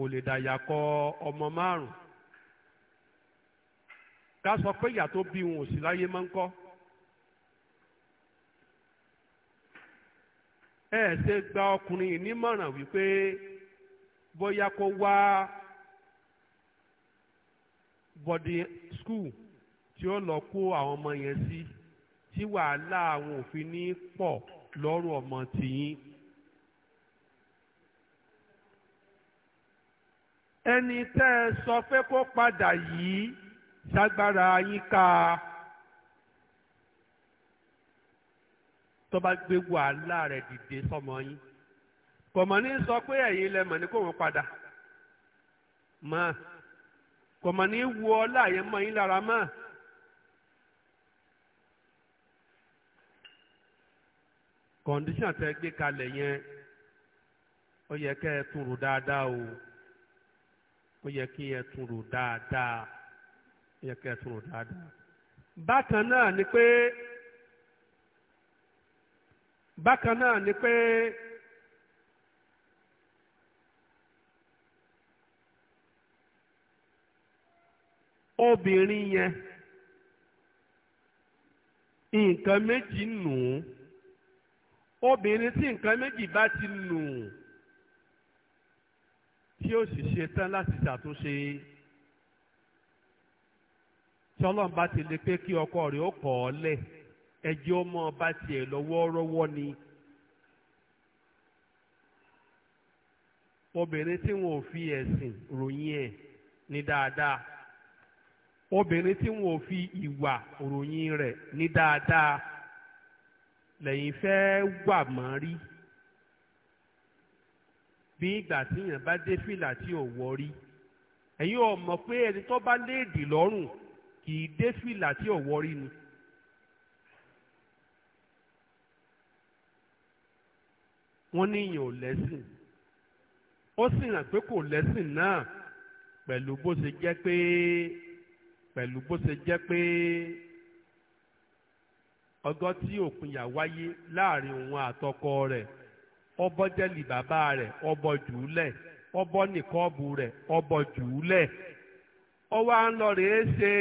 kò lè dàyà kọ ọmọ márùn ká sọ pé ìyá tó bí òun ò sí láyé máa ń kọ́ ẹ ṣe gba ọkùnrin ìnímọ̀ràn wípé bóyá kó wá body school tí ó lọ kó àwọn ọmọ yẹn sí tí wàhálà àwọn òfin ní pọ̀ lọ́rùn ọmọ tìyín. ẹni tẹ́ ẹ sọ pé kó padà yìí ṣágbára yín ká tó bá gbé wàhálà rẹ̀ dìde sọmọ yín kọ̀mọ̀ ní sọ pé ẹ̀yin lẹ mọ̀ ní kó wọ́n padà mọ́ kọ̀mọ̀ ní wu ọlá yẹn mọ́ yín lára mọ́. kọ̀ǹdíṣàn tẹ́ gbé kalẹ̀ yẹn ó yẹ kẹ́ ẹ tún rò dáadáa o. ó yẹ kí ẹ tún rò dáadáa ó yẹ kí ẹ tún rò dáadáa. bákan ni pé bákan náà ni pé obìnrin yẹn nǹkan méjì nù obìnrin ti nù. tí ó sì ṣe tán láti ṣàtúnṣe tí ọlọ́run bá ti lè pé kí ọkọ rẹ̀ ó kọ̀ ọ́ lẹ̀ ẹjẹ́ ó mọ bá tiẹ̀ lọ́wọ́ rọ́wọ́ ni. obìnrin tí wọn ò fi ẹ̀sìn ròyìn ẹ̀ ní dáadáa obìnrin tí wọn ò fi ìwà ròyìn rẹ̀ ní dáadáa lẹ́yìn fẹ́ wà mọ́ rí. bí ìgbà tí èèyàn bá dé fìlà tí ò wọ ọmọ ẹ̀yin pé ẹni tó bá léèdì lọ́rùn kì í dé fìlà tí ò ni. wọ́n ní ìyàn ò lẹ́sìn ó sì hàn pé kò lẹ́sìn náà pẹ̀lú bó ṣe jẹ́ pé pẹ̀lú bó ọbọ jẹlì bàbá rẹ̀ ọbọ jùúlẹ̀ ọbọ nìkọ́ọ̀bù rẹ̀ ọbọ jùúlẹ̀ ọwọ́ à ń lọ rèé ṣe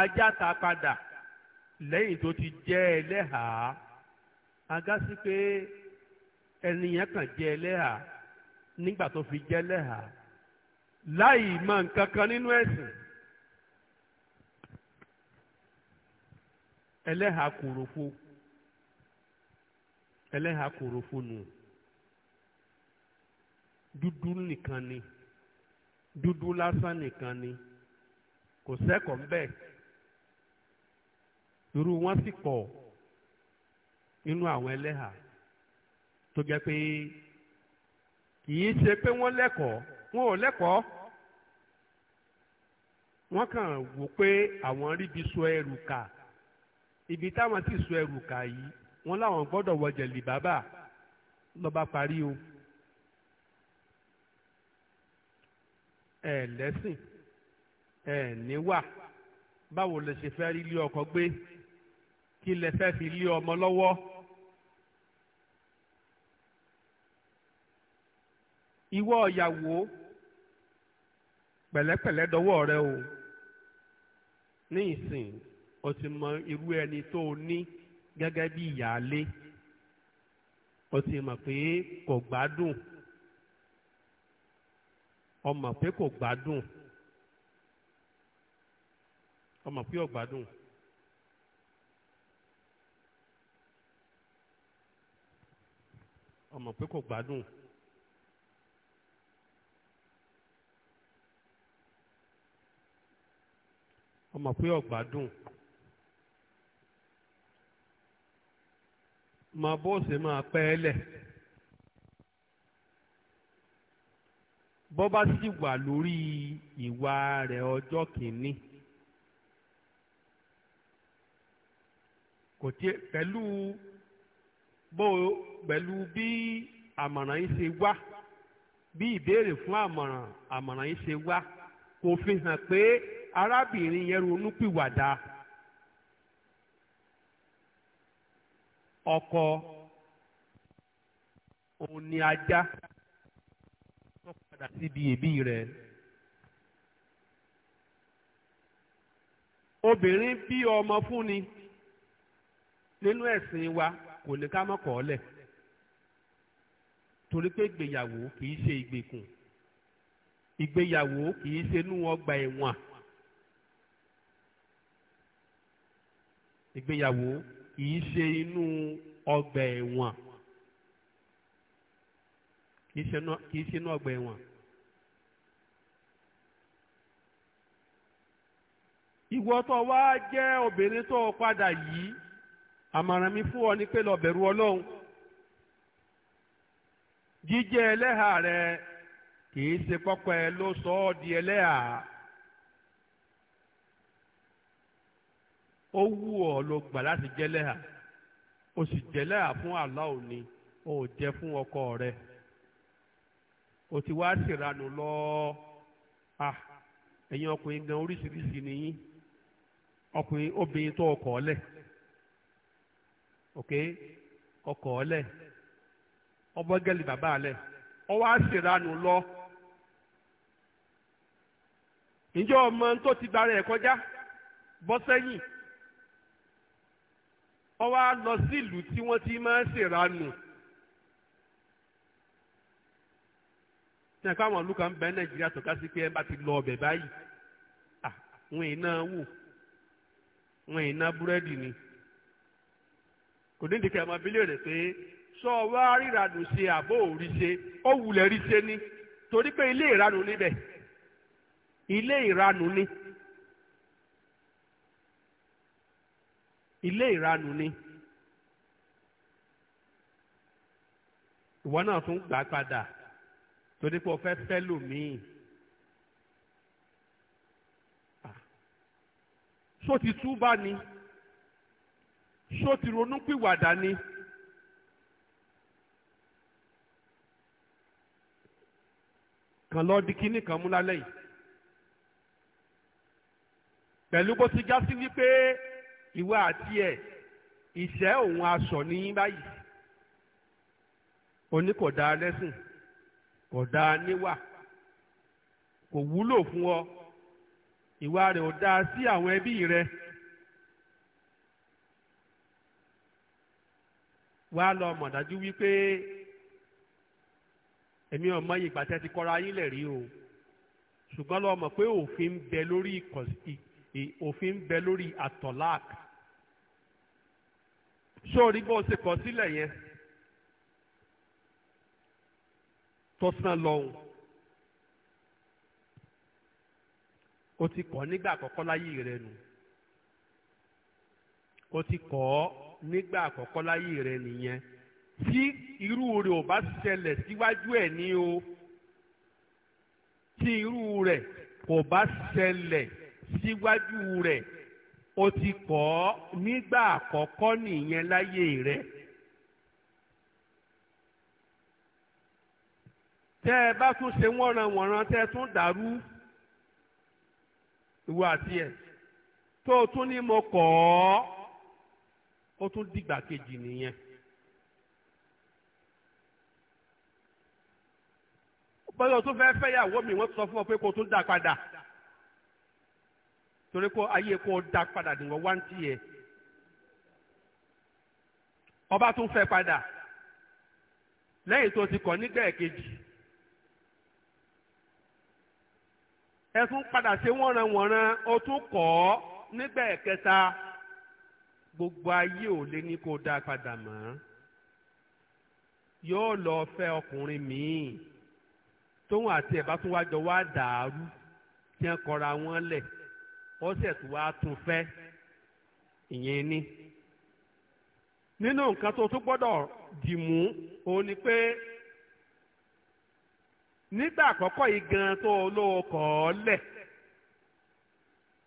ajáta padà lẹ́yìn tó ti jẹ́ ẹlẹ́hàá agásí pé ẹnìyẹn kàn jẹ́ ẹlẹ́hàá nígbà tó fi jẹ́ ẹlẹ́hàá láì mọ nǹkan kan nínú ẹ̀sìn. ẹlẹ́hà kòròfo ẹlẹ́hà kòròfo nù dúdú ni dúdú lásán ni kò sẹ́kọ̀ọ́ ńbẹ̀ irú wọn sì pọ̀ nínú àwọn ẹlẹ́hà tó jẹ́ pé kì í ṣe pé wọ́n lẹ́kọ̀ọ́ wọn ò lẹ́kọ̀ọ́ wọ́n kàn wò pé àwọn sọ ẹrù kà ibi táwọn ti sọ ẹrù kà yìí wọ́n láwọn gbọ́dọ̀ wọ jẹ̀lì bàbà lọ́ba parí o ẹ lẹ́sìn ẹ níwà báwo lẹ ṣe fẹ́ rí ilé ọkọ gbé kí lẹ fẹ́ fi lé ọmọ lọ́wọ́. ìwọ ìyàwó pẹ̀lẹ́pẹ̀lẹ́ dọwọ́ rẹ o ní ìsìn o ti mọ irú ẹni tó o ní gẹ́gẹ́ bí ìyáálé o ti mọ̀ pé kò gbádùn o mọ̀ pé kò gbádùn o mọ̀ pé ò gbádùn. o pé kò gbádùn. o pé ò ma bóòsì máa pẹ́ lẹ̀ bọ́ bá sì wà lórí ìwà rẹ̀ ọjọ́ kìíní kò tí pẹ̀lú bó pẹ̀lú bí àmọ̀ràn yìí ṣe wá bí ìbéèrè fún àmọ̀ràn àmọ̀ràn yìí ṣe wá kò fi hàn pé arábìnrin yẹn ronú pìwàdà. ọkọ òun ni ajá tó padà síbi èbí rẹ obìnrin bí ọmọ fúnni nínú ẹ̀sìn wa kò ní ká mọ̀ kọ́ torí pé ìgbéyàwó kì í ṣe ìgbèkùn ìgbéyàwó kì í ṣe inú ọgbà ẹ̀wọ̀n ìgbéyàwó kìí í ṣe inú ọgbà ẹ̀wọ̀n kì í ṣe inú ọgbà ẹ̀wọ̀n. ìwọ wá jẹ́ obìnrin tó padà yìí àmàràn mi fún ọ ní pé lọ bẹ̀rù ọlọ́run jíjẹ́ ẹlẹ́hà rẹ kìí í ṣe pọ́pẹ́ ló sọ ọ́ di ẹlẹ́hà. ó wù lo ló gbà láti jẹ́ o sì jẹ́ fún Allah ni o ò fún ọkọ rẹ o ti wá ṣèranù lọ a ah, ẹ̀yin ọkùnrin gan oríṣiríṣi nìyí ọkùnrin obìnrin tó ọkọ̀ ọ̀lẹ̀ ok ọkọ̀ ọ̀lẹ̀ ọbọ̀gẹ́lì bàbá ọ lọ ǹjẹ́ ọmọ tó ti bára ẹ̀ kọjá bọ́ sẹ́yìn. ó wá lọ sílùú tí wọ́n ti máa ń ṣèranù. tí wọ́n fáwọn ìlú bẹ nàìjíríà tọ́ka sí pé ẹ bá ti lọ ọbẹ̀ báyìí wọn iná wò wọn iná búrẹ́dì ni kò ní ìdíkẹ́ ọmọ bílíọ̀ rẹ̀ pé sọ wá ríranù ṣe ó ni torí pé ilé ìranù níbẹ̀ ni. ilé ìranù ni ìwọ náà tún gbà padà torí pé o fẹ́ fẹ́ lòmíì ṣó ti túbà ni ṣó ti ronúpìwàdà ni. kan lọ di kinní kan mú lálẹ́ yìí pẹ̀lú bó ti já sí wípé ìwà àti ẹ̀ ìṣẹ́ òun aṣọ ní báyìí oní kò dáa lẹ́sìn kò dáa níwà kò wúlò fún ọ ìwà rẹ̀ ò dáa sí àwọn ẹbí rẹ̀. wá lọ mọ̀ dájú wípé èmi ò mọyì ìgbà ti kọ́ra yín rí o ṣùgbọ́n lọ mọ̀ pé òfin ń bẹ lórí òfin ń bẹ lórí àtọ̀láàkì sórí bó o ṣe kọ sílẹ̀ yẹn tọ́sán lọ́hùn o ti kọ́ nígbà àkọ́kọ́ láyé rẹ nù o ti kọ́ nígbà àkọ́kọ́ láyé rẹ nìyẹn tí irú rẹ ò bá ṣẹlẹ̀ síwájú ẹ̀ ní o tí irú rẹ kò bá ṣẹlẹ̀ síwájú rẹ o ti kọ́ nígbà àkọ́kọ́ nìyẹn láyé rẹ̀. tẹ́ ẹ bá tún ṣe wọ́nranwọ̀nran tẹ́ ẹ tún dàrú ìwọ àti ẹ̀ tó o tún ní mo kọ́ ọ́ ó tún dìgbà kejì nìyẹn. bọ́lá o tún fẹ́ fẹ́yàwó mi wọ́n sọ fún ọ pé kó tún dà padà torí kó ayé kó dá padà nìwọ̀n wá ń tiẹ̀ ọba tún fẹ́ padà lẹ́yìn tó ti kọ̀ nígbà ẹ̀kejì ẹ̀sùn padà ṣe wọ́nranwọ̀nran ó tún kọ̀ ọ́ nígbà ẹ̀kẹta gbogbo ayé ò lè ní kó dá padà mọ́ yóò lọ fẹ́ ọkùnrin míì tóun àti ẹ̀ bá tún wájọ wá dàrú tí wọ́n kọra wọn lẹ̀. o si tún wá tún fẹ́ ìyẹn ni nínú nǹkan tó tún gbọ́dọ̀ dì mú ni pé nígbà àkọ́kọ́ yìí gan tó lo koo le lẹ̀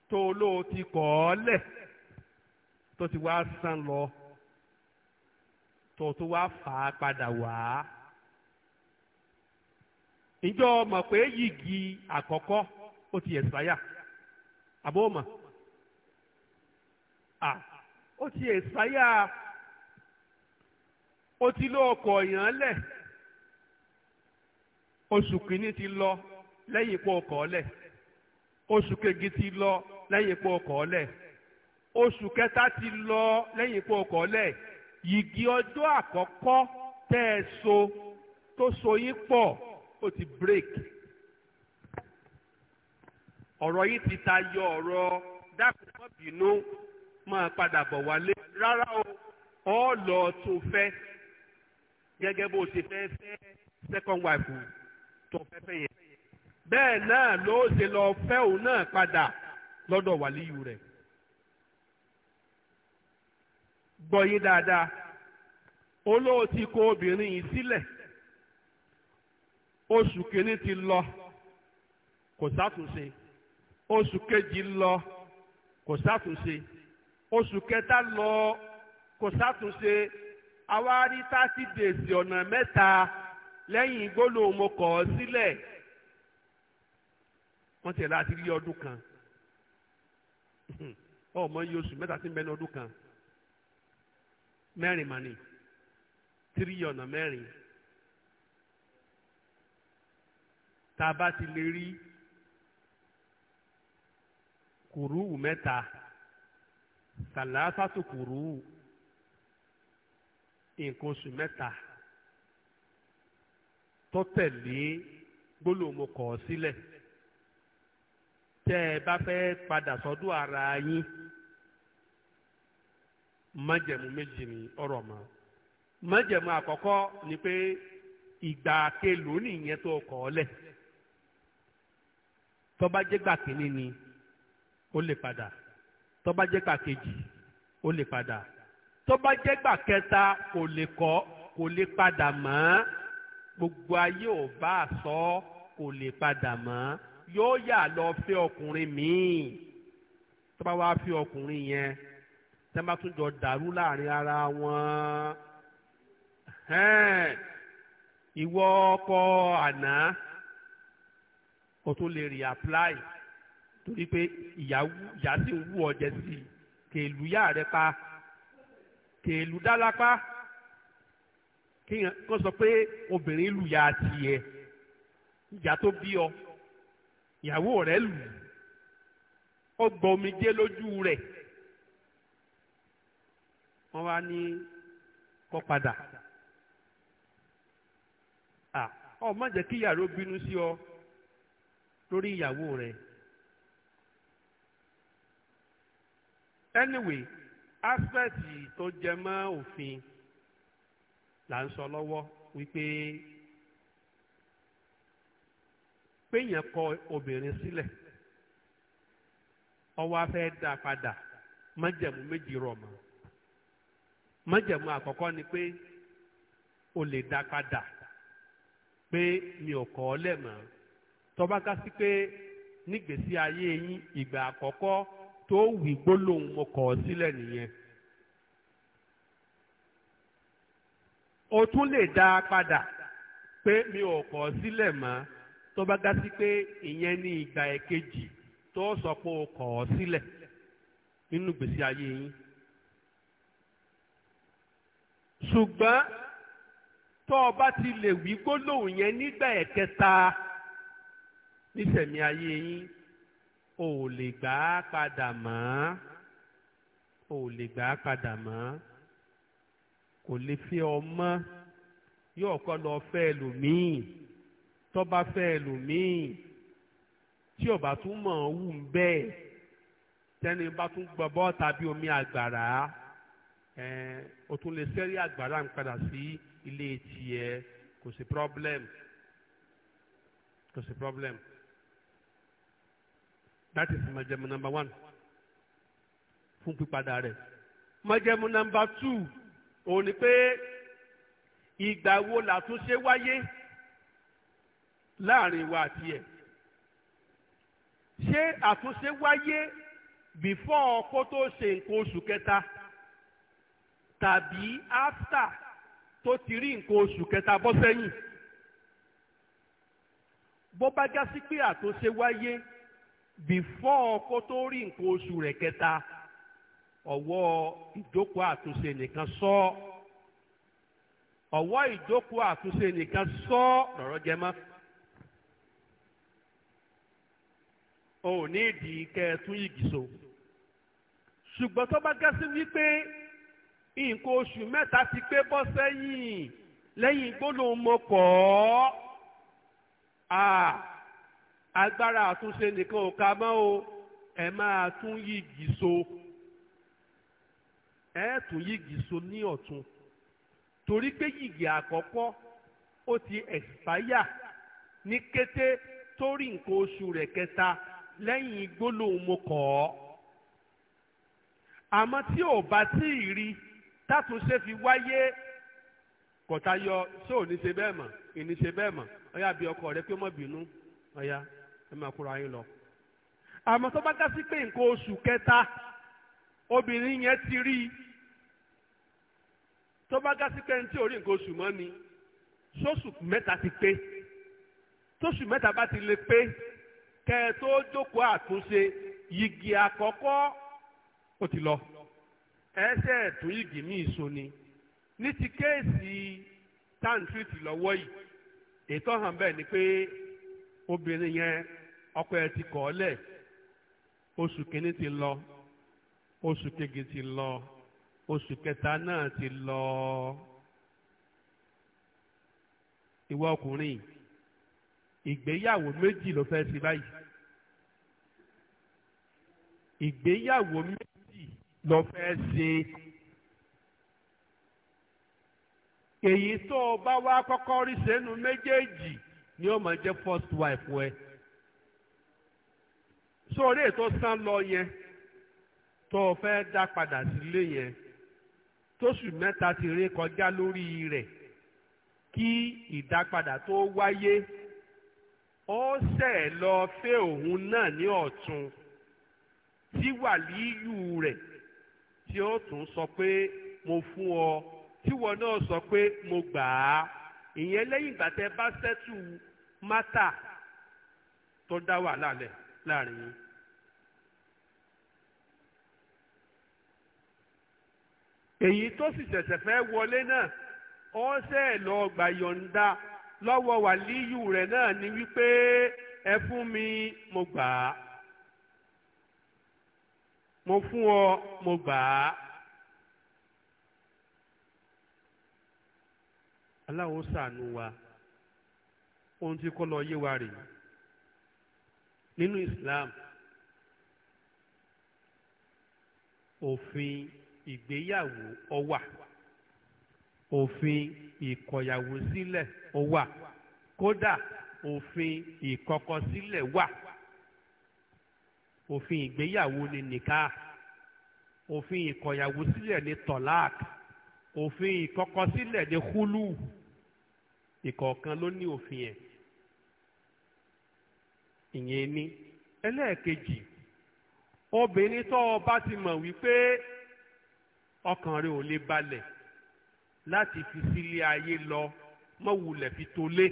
tó lo ti koo le lẹ̀ tó ti wá sàn lọ tó tó wá fà á padà wá ìjọ mọ̀ pé yìgì àkọ́kọ́ ó ti ẹ̀sáyà. àbọ̀ọ̀mà à ó ti ẹ̀sáyà ó ti lọ ọkọ̀ èèyàn lẹ̀ oṣù kìíní ti lọ lẹ́yìn ipò ọkọ̀ ọ̀lẹ̀ oṣù kejì ti lọ lẹ́yìn ipò ọkọ̀ ọ̀lẹ̀ oṣù kẹta ti lọ lẹ́yìn ipò ọkọ̀ ọ̀lẹ̀ yìgì ọjọ́ àkọ́kọ́ tẹ́ ẹ so tó so yín pọ̀ ó ti break ọ̀rọ̀ yìí ti ta yọ ọ̀rọ̀ dákun má bínú máa padà bọ̀ wálé rárá o ọ lọ tó fẹ́ gẹ́gẹ́ bó ṣe fẹ́ fẹ́ second wife tó fẹ́ fẹ́ yẹn bẹ́ẹ̀ náà ló ṣe lọ fẹ́ òun náà padà lọ́dọ̀ wàlíyù rẹ̀ gbọ́ yín dáadáa olóò ti kó obìnrin yìí sílẹ̀ oṣù kìíní ti lọ kò sátúnṣe oṣù kejì lọ kò sátúnṣe oṣù kẹta lọ kò sátúnṣe àwa rí thirty days ọ̀nà mẹ́ta lẹ́yìn gbólóhùn mo kọ̀ ọ́ sílẹ̀ wọ́n ti ẹ̀ láti rí ọdún kan ọmọ yìí oṣù mẹ́ta sí mẹ́rin ọdún kan mẹ́rin màní tírí ọ̀nà mẹ́rin tá a bá ti lè rí. kùrúù mẹ́ta sàlásàtù kùrúù nǹkan oṣù mẹ́ta tó tẹ̀lé gbólóhùn kọ̀ ọ́ sílẹ̀ tẹ́ ẹ bá fẹ́ padà sọ́dọ̀ ara yín májẹ̀mú méjì ni ọ̀rọ̀ mọ́ májẹ̀mú àkọ́kọ́ ni pé ìgbà kelòó nìyẹn tó tó ó lè padà tó bá jẹ́ gbà kejì ó lè padà tó bá jẹ́ gbà kẹta kò lè kọ́ kò lè padà mọ́ gbogbo ayé ò bá a sọ kò lè padà mọ́ yóò yà lọ fẹ́ ọkùnrin míì tó bá wàá fẹ́ ọkùnrin yẹn tẹ́ bá tún jọ dàrú láàrin ara wọn ìwọ ọkọ àná o tún lè reapply torí pé ìyá sì ń wú ọ̀jẹ̀ sí i kèlú yá rẹ pa kèlú dálápá kéèyàn kó sọ pé obìnrin lù yá tiẹ̀ ìyá tó bí ọ ìyàwó rẹ lù ó gbọ́ omijé lójú rẹ̀ wọ́n wá ní kọ́ padà ọ má jẹ́ kí ìyàrá bínú sí ọ lórí ìyàwó rẹ̀. anyway aspect tó jẹ mọ́ òfin là ń sọ lọ́wọ́ wípé péyàn kọ obìnrin sílẹ̀ ọwọ́ afẹ́ dá padà májẹ̀mú méjì rọ̀ mọ́ àkọkọ àkọ́kọ́ ni pé o lè dá padà pé mi ò kọ́ ọ lẹ̀ mọ́ tọ́ba ká sí pé nígbèésí ayé yín ìgbà tó wí gbólóhùn mo kọ̀ ọ́ sílẹ̀ nìyẹn. o tún lè dá a padà pé mi ò kọ̀ ọ́ sílẹ̀ mọ́ tó bá dá sí pé ìyẹn ní ìgbà ẹ̀kejì tó sọ pé o kọ̀ ọ́ sílẹ̀ nínú gbèsè ayé yín. ṣùgbọ́n tó o bá ti lè wí gbólóhùn yẹn nígbà ẹ̀kẹta nísẹ̀mí ayé yín o ò lè gbà á padà mọ́ o ò lè gbà á padà mọ́ kò lè fẹ́ ọmọ yóò kọ́ lọ fẹ́ ẹlòmíì tó bá fẹ́ ẹlòmíì tí ò bá tún mọ̀ ọ́n wù ń bẹ́ẹ̀ tẹ́ni bá tún gbọ́ bọ́ tàbí omi àgbàrá ẹ̀ o tún lè sẹ́rí àgbàrá ń padà sí ilé tiẹ̀ kò sí problem kò sí problem that is májẹ̀mú number one fún pípadà rẹ̀ májẹ̀mú number two òun ni pé ìgbà wo làtúnṣe wáyé láàrin wa àti ẹ̀ ṣé àtúnṣe wáyé before kó tó ṣe nǹkan oṣù kẹta tàbí after tó ti rí nǹkan oṣù kẹta bọ́ sẹ́yìn bó bá já sí pé àtúnṣe wáyé before kó tó rí nǹkan oṣù rẹ̀ kẹta ọ̀wọ́ ìdókòó àtúnṣe nìkan sọ ọ̀wọ́ ìdókòó àtúnṣe nìkan sọ lọ́rọ̀ jẹ mọ́. o ní ìdí kẹẹ̀tún yìgì so ṣùgbọ́n tó bá wípé nǹkan oṣù mẹ́ta ti pé agbára àtúnṣe nìkan ò ka mọ́ o ẹ máa tún yìgì so ẹ tún yìgì so ní ọ̀tún torí pé yìgì àkọ́kọ́ ó ti ẹ̀sìpáyà ní kété tó rí nǹkan oṣù rẹ̀ kẹta lẹ́yìn gbólóhùn mo kọ̀ ọ́ àmọ́ tí ò bá tí ì rí tátúnṣe fi wáyé kọ̀tayọ ṣé ò ní ṣe bẹ́ẹ̀ mọ̀ ìní ṣe bẹ́ẹ̀ mọ̀ ọ̀yà bí ọkọ rẹ pé mọ̀ bínú ọ̀yà ẹ máa kóra yín lọ. àmọ́ tó bá ká sí pé nǹkan oṣù kẹta obìnrin yẹn ti rí i tó bá ká sí pé ní tí orí nǹkan oṣù mọ́ ni sóṣù mẹ́ta ti pé tóṣù mẹ́ta bá ti lè pé kẹ́ ẹ tó jókòó àtúnṣe yìgì àkọ́kọ́ ó ti lọ ẹsẹ̀ ẹ̀tún yìgì míì so ni ní ti kéèsì táǹtìrìtì lọ́wọ́ yìí ètò hàn bẹ́ẹ̀ ni pé obìnrin yẹn ọkọ ẹ ti kọ̀ ọ́lẹ̀ oṣù kìíní ti lọ oṣù kejì ti lọ oṣù kẹta náà ti lọ ìwọ ọkùnrin ìgbéyàwó méjì ló fẹ́ sí báyìí ìgbéyàwó méjì ló fẹ́ ṣe èyí tó o bá wá kọ́kọ́ rí sẹ́nu méjèèjì ni ó máa jẹ́ first wife wẹ́ sórí ètò san lọ yẹn tó o fẹ́ dá padà sílé yẹn tóṣù mẹ́ta ti ré kọjá lórí rẹ̀ kí ìdápadà tó wáyé ó ṣẹ̀ lọ fẹ́ òun náà ní ọ̀tún tí wàlíyù rẹ̀ tí ó tún sọ pé mo fún ọ tíwọ náà sọ pé mo gbà á ìyẹn lẹ́yìn ìgbà tẹ́ bá ṣẹ́tù mátà tó dá wàhálà lẹ̀ láàrin yín. èyí tó sì ṣẹ̀ṣẹ̀ fẹ́ wọlé náà ó ṣẹ̀ lọ gbà yọ̀ǹda lọ́wọ́ wàlíyù rẹ̀ náà ni wípé ẹ fún mi mo gbà á mo fún ọ mo gbà á. Allah ó wa ohun tí kọ́ lọ yé wa rèé nínú Islam òfin ìgbéyàwó ó wà òfin ìkọ̀yàwó sílẹ̀ ó wà kódà òfin ìkọ̀kọ̀sílẹ̀ wà òfin ìgbéyàwó ni nìka òfin ìkọ̀yàwó sílẹ̀ ni tọ̀láàk òfin ìkọ̀kọ̀sílẹ̀ ni húlù ìkọ̀ọ̀kan ló ní òfin ẹ̀ ìyẹn ni ẹlẹ́ẹ̀kejì obìnrin tó o bá ti mọ̀ wípé ọkàn rẹ ò lè balẹ̀ láti fi sílé ayé lọ mọ́wulẹ̀ fi tó lé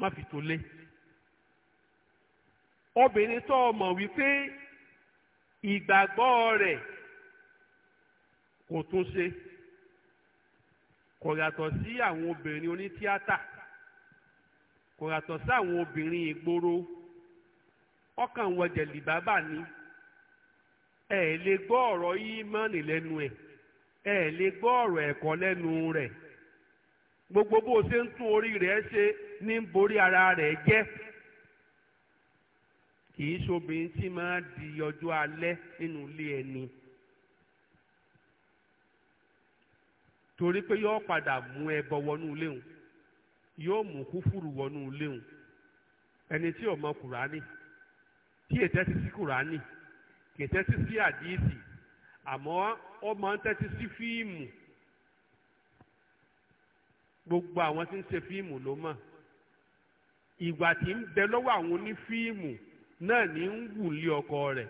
má fi tó lé obìnrin tó o mọ̀ wípé ìgbàgbọ́ rẹ̀ kò tún ṣe kò yàtọ̀ sí àwọn obìnrin onítíátà kò yàtọ̀ sí àwọn obìnrin ìgboro ọkàn wọ̀jẹ̀lì bàbá ni. ẹ ẹ lè gbọ́ ọ̀rọ̀ ìmánì lẹ́nu ẹ̀ ẹ ẹ lè gbọ́ ọ̀rọ̀ ẹ̀kọ́ lẹ́nu rẹ̀ gbogbo bó o ṣe ń tún orí rẹ̀ ṣe ní borí ara rẹ̀ jẹ́ kì í ṣobìnrin tí máa di ọjọ́ alẹ́ nínú ilé ẹni torí pé yóò padà mú ẹbọ wọnú ilé òun yóò mú kúfùrù wọnú ilé òun ẹni tí ò mọ kùránì tí ètẹ́sí sí kùránì. kì í tẹ́tí sí àdíìsì àmọ́ ó máa ń tẹ́tí sí fíìmù gbogbo àwọn tí ń ṣe fíìmù ló mọ̀ ìgbà tí ń bẹ lọ́wọ́ àwọn onífíìmù náà ní ń wùlé ọkọ rẹ̀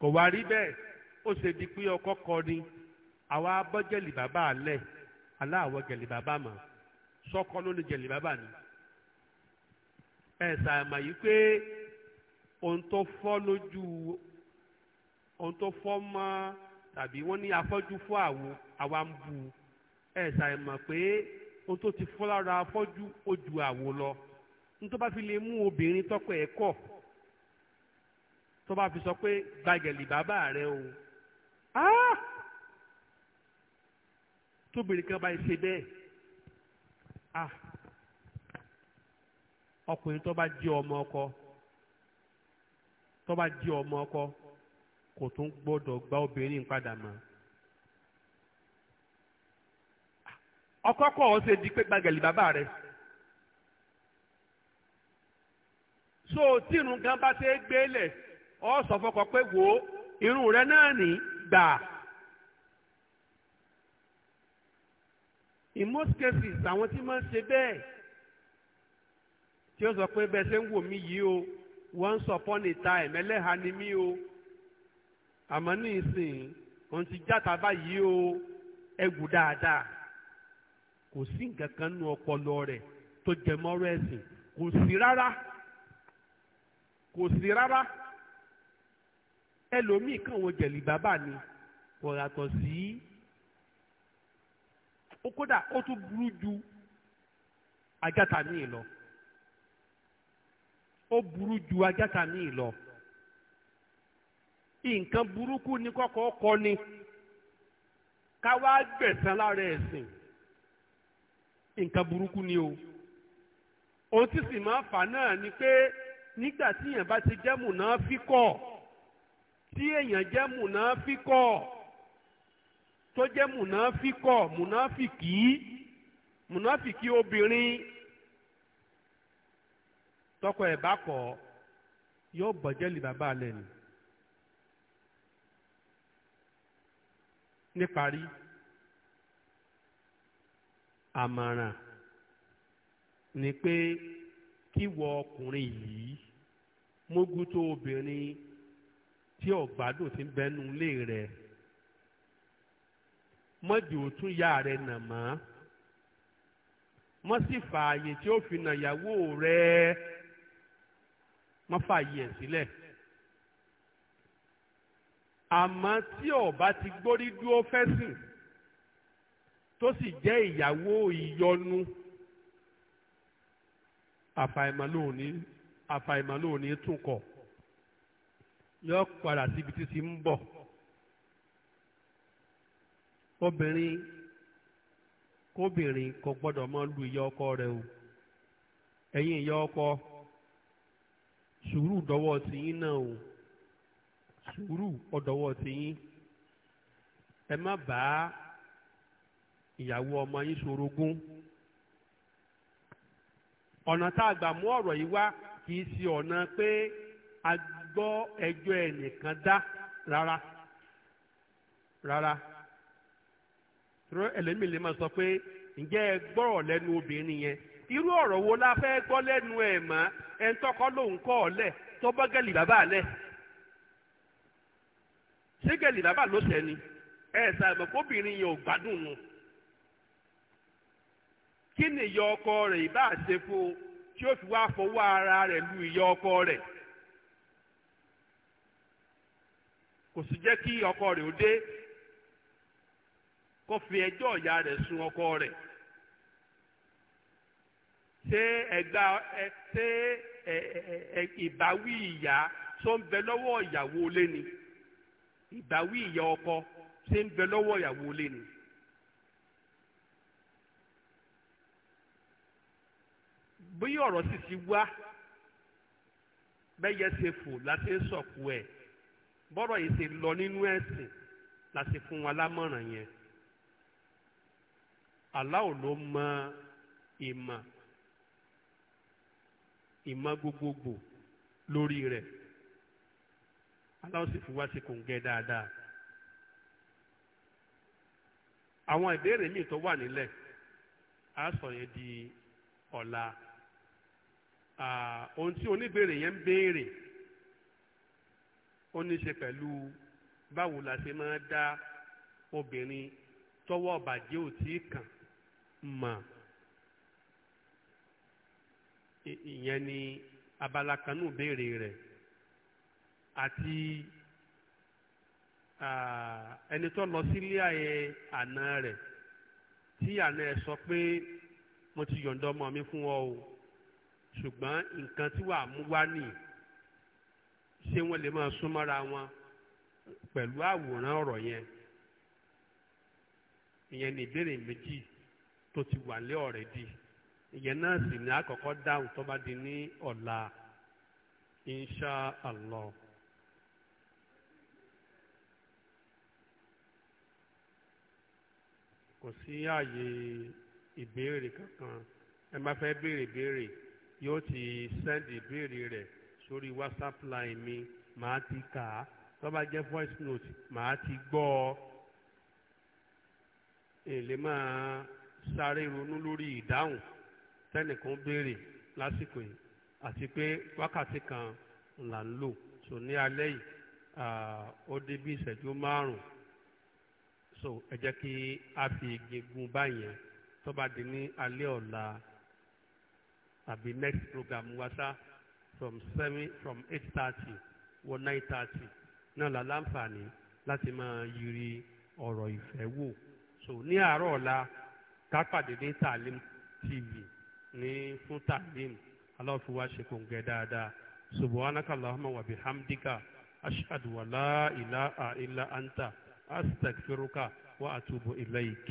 kò wá rí bẹ́ẹ̀ ó ṣe di pé ọkọ kọrin àwa abọ́jẹ̀lì bàbá alẹ́ aláàwọ̀ jẹ̀lì bàbá mọ̀ sọ́kọ́ ló ní jẹ̀lì bàbá ni ẹ ṣàmà yìí pé ohun tó fọ́ lójú ohun tó fọ́ mọ́ tàbí wọ́n ní afọ́jú fọ́ àwo àwa ń bu ẹ ṣàmà pé ohun tó ti fọ́ lára afọ́jú ó ju àwo lọ ní tó bá fi lè mú obìnrin tọ́pọ̀ ẹ̀ kọ̀ tó bá fi sọ pé gbàgẹ̀lì bàbá rẹ o tóbìnrin kan bá ṣe bẹ́ẹ̀ ah, ọkùnrin tó bá jẹ́ ọmọ ọkọ tó bá jẹ́ ọmọ ọkọ kò tún gbọ́dọ̀ gba obìnrin padà mọ́. ọkọ kọ ọ ṣe di pé gbàgẹ̀lì bàbá rẹ̀ so tírun gan bá ṣe gbélé ọ sọ fọkọ pé wò irun rẹ náà ní gbà. in most cases àwọn tí máa ṣe bẹ́ẹ̀. tí ó sọ pé bẹ́ẹ̀ ṣe ń wò mí yìí o once upon a time ẹlẹ́ha ni mí o àmọ́ ní ìsìn òun ti játa báyìí o ẹgù dáadáa kò sí nǹkan kan nínú ọpọlọ rẹ̀ tó jẹ mọ́rọ̀ ẹ̀sìn kò sí rárá kò sí rárá ẹlòmíì kàn wọ́n jẹ̀lì bàbá ni kò yàtọ̀ sí ó kódà ó tún burú ju ajáta míì lọ. ó burú ju ajáta míì lọ nǹkan burúkú ní kọ́kọ́ kọ́ ni ká wá gbẹ̀sán lára ẹ̀sìn nǹkan burúkú ni o ohun tí sì máa fà náà ni pé nígbà tí èèyàn bá ti jẹ́ mùnáfíkọ̀ tí èèyàn jẹ́ mùnáfíkọ̀ tó jẹ́ mùnáfíkọ̀ mùnáfìkì mùnáfìkì obìnrin tọkọ ẹ̀ bá kọ̀ ọ́ yóò bọ̀jẹ́lì bàbá alẹ́ níparí àmàràn ni pé ọkùnrin yìí mógú tó obìnrin tí ti ń bẹnu ilé rẹ̀ mọ́jì ò yá nà fààyè tí ó fi nà má fààyè ẹ̀ sílẹ̀ àmọ́ tí ó bá ti gbórí dúró fẹ́sìn tó sì jẹ́ ìyàwó ìyọnu àfàìmọ̀ ló ní tún kọ̀ yọ padà síbi tí ti ń bọ̀ obìnrin kóbìnrin kò gbọ́dọ̀ mọ́ lu ìyá ọkọ rẹ̀ o ẹ̀yin ìyá ọkọ. sùúrù dọwọ́ tiyín náà o sùúrù ọ̀dọ̀wọ́ tiyín ẹ má bá ìyàwó ọmọ yín ogún ọ̀nà tá a gbà mú ọ̀rọ̀ yìí wá kì í ṣe ọ̀nà pé a gbọ́ ẹjọ́ ẹnìkan dá rárá rárá ẹlẹ́mìí lè máa sọ pé ǹjẹ́ ẹ gbọ́rọ̀ lẹ́nu obìnrin yẹn irú ọ̀rọ̀ wo la fẹ́ gbọ́ lẹ́nu ẹ̀ mọ́ ẹ̀ ń tọ́kọ́ lòun kọ́ ọ lẹ̀ tó gẹ̀lì ni ẹ̀ sàmọ̀ kóbìnrin yẹn ò gbádùn nù kí ni ìyá ọkọ rẹ̀ ìbá ṣe fún tí ó fi wá fọwọ́ ara rẹ̀ lu ìyá ọkọ rẹ̀ kò sì jẹ́ kí ọkọ rẹ̀ ó dé kó fi ẹjọ́ ìyá rẹ̀ sun ọkọ rẹ̀. ṣé ẹ̀gbá ṣé ìbáwí ìyá tó ń bẹ lọ́wọ́ ìyàwó ni ìbáwí ọkọ tó ń bẹ lọ́wọ́ ìyàwó ilé ni. bí ọ̀rọ̀ sì ti wá bẹ́yẹ ṣe fò láti sọ̀kù ẹ̀ bọ́rọ̀ yìí ṣe lọ nínú ẹ̀sìn láti fún wa lámọ̀ràn yẹn. Allah ló mọ ìmọ̀ ìmọ̀ gbogbogbò lórí rẹ̀ aláwọ̀ sì fi wá sí kòǹgẹ́ dáadáa. àwọn ìbéèrè míì tó wà nílẹ̀ á sọ yẹn di ọ̀la ohun tí oníbèrè yẹn ń béèrè ó ní ṣe pẹ̀lú báwo la ṣe máa dá obìnrin tọ́wọ́ bàjẹ́ ò tí ì kàn mọ̀. ìyẹn ni abala kanú béèrè rẹ̀ àti ẹni tó lọ sílé ayé àná rẹ̀ tí àná ẹ sọ pé mo ti yọ̀ǹda ọmọ mi fún ọ o ṣùgbọ́n nǹkan tí wàá mú wá nì ṣé wọ́n lè máa sún mọ́ra wọn pẹ̀lú àwòrán ọ̀rọ̀ yẹn ìyẹn ni ìbéèrè méjì tó ti wà lé ọ̀rẹ́ dì. ìyẹn náà sì ní àkọ́kọ́ dáhùn tó bá di ní ọ̀la insha allah. kò sí ààyè ìbéèrè kankan ẹ má fẹ́ béèrè béèrè yóò ti sẹ́ndì ìbéèrè rẹ̀ sórí whatsapp line mi màá ti kà á tó bá jẹ́ voice note màá ti gbọ́ ọ èlé máa sáré ronú lórí ìdáhùn tẹ́nìkan béèrè lásìkò yìí àti pé wákàtí kan là ń lò so ní alẹ́ yìí ó dé bí ìṣẹ́jú márùn-ún so ẹ jẹ́ kí a fi igi gun báyẹn tó bá di ní alẹ́ ọ̀la àbí next program wa sá from seven from eight thirty wọ nine thirty náà la láǹfààní láti máa yiri ọ̀rọ̀ ìfẹ́ wò so ní àárọ̀ ọ̀la ká pàdé ní Taalim TV. ní fún tàlím Allah fi wá ṣe kòǹgẹ́ daada subhanaka allahumma wa bihamdika ashhadu wa la ilaha illa anta astaghfiruka wa atubu ilaik